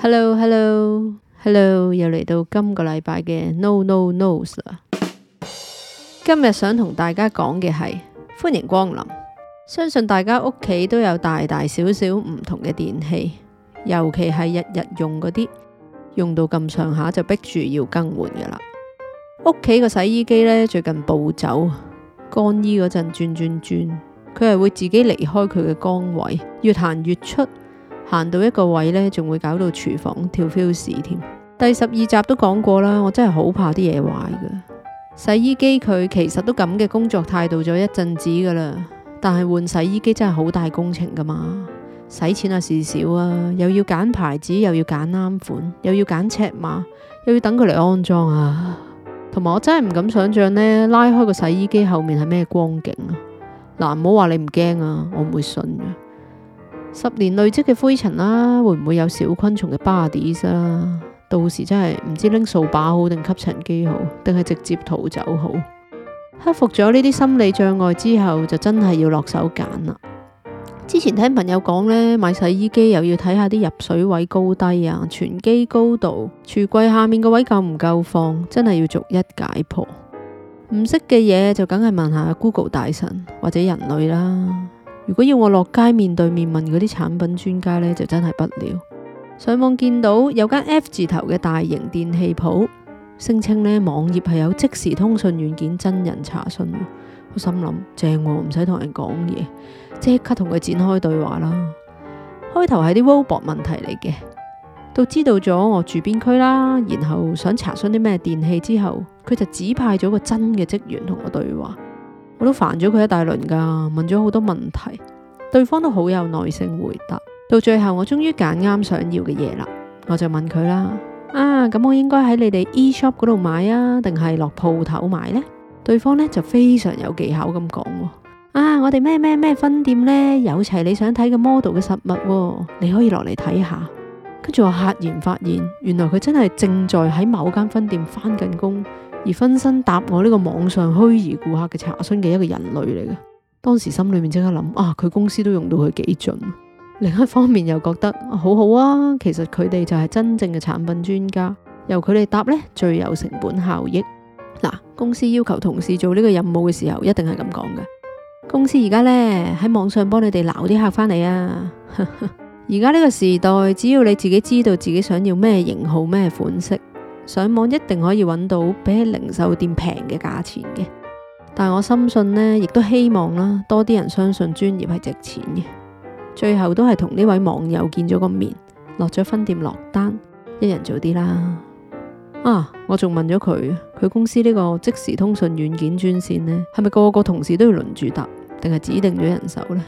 Hello，Hello，Hello，hello, hello. 又嚟到今個禮拜嘅 No No Nose 啦。今日想同大家講嘅係歡迎光臨。相信大家屋企都有大大小小唔同嘅電器，尤其係日日用嗰啲，用到咁上下就逼住要更換噶啦。屋企個洗衣機呢，最近暴走，乾衣嗰陣轉轉轉，佢係會自己離開佢嘅崗位，越行越出。行到一個位呢，仲會搞到廚房跳 fuse 添。第十二集都講過啦，我真係好怕啲嘢壞噶。洗衣機佢其實都咁嘅工作態度咗一陣子噶啦，但係換洗衣機真係好大工程噶嘛，使錢啊事少啊，又要揀牌子，又要揀啱款，又要揀尺碼，又要等佢嚟安裝啊。同埋我真係唔敢想象呢，拉開個洗衣機後面係咩光景啊！嗱，唔好話你唔驚啊，我唔會信嘅。十年累積嘅灰塵啦、啊，會唔會有小昆蟲嘅 bodies 啦、啊？到時真係唔知拎掃把好，定吸塵機好，定係直接逃走好？克服咗呢啲心理障礙之後，就真係要落手揀啦。之前聽朋友講呢，買洗衣機又要睇下啲入水位高低啊、存機高度、櫥櫃下面個位夠唔夠放？真係要逐一解破。唔識嘅嘢就梗係問下 Google 大神或者人類啦。如果要我落街面對面問嗰啲產品專家呢，就真係不了。上網見到有間 F 字頭嘅大型電器鋪，聲稱呢，網頁係有即時通訊軟件真人查詢。我心諗正，哦，唔使同人講嘢，即刻同佢展開對話啦。開頭係啲 robot 問題嚟嘅，都知道咗我住邊區啦，然後想查詢啲咩電器之後，佢就指派咗個真嘅職員同我對話。我都煩咗佢一大輪噶，問咗好多問題，對方都好有耐性回答。到最後我終於揀啱想要嘅嘢啦，我就問佢啦：，啊，咁我應該喺你哋 e shop 嗰度買啊，定係落鋪頭買呢？」對方呢就非常有技巧咁講、啊：，啊，我哋咩咩咩分店呢？有齊你想睇嘅 model 嘅實物、啊，你可以落嚟睇下。跟住我嚇然發現，原來佢真係正在喺某間分店返緊工。而分身，答我呢個網上虛擬顧客嘅查詢嘅一個人類嚟嘅當時心裏面即刻諗啊，佢公司都用到佢幾準啊。另一方面又覺得好好啊，其實佢哋就係真正嘅產品專家，由佢哋答呢最有成本效益。嗱，公司要求同事做呢個任務嘅時候，一定係咁講嘅。公司而家呢，喺網上幫你哋撈啲客翻嚟啊！而家呢個時代，只要你自己知道自己想要咩型號、咩款式。上網一定可以揾到比喺零售店平嘅價錢嘅，但我深信呢，亦都希望啦，多啲人相信專業係值錢嘅。最後都係同呢位網友見咗個面，落咗分店落單，一人做啲啦。啊，我仲問咗佢，佢公司呢個即時通訊軟件專線呢，係咪個個同事都要輪住答定係指定咗人手呢？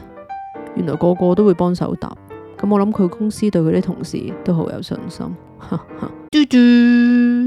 原來個個都會幫手答。咁我諗佢公司對佢啲同事都好有信心。哈哈。嘟嘟。